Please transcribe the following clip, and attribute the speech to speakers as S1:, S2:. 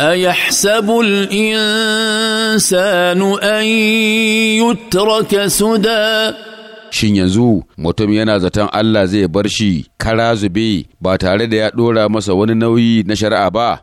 S1: أيحسب
S2: الإنسان أن يترك سدى shin yanzu mutum yana zaton Allah zai bar shi kara zube ba tare da ya ɗora masa wani nauyi na shari'a ba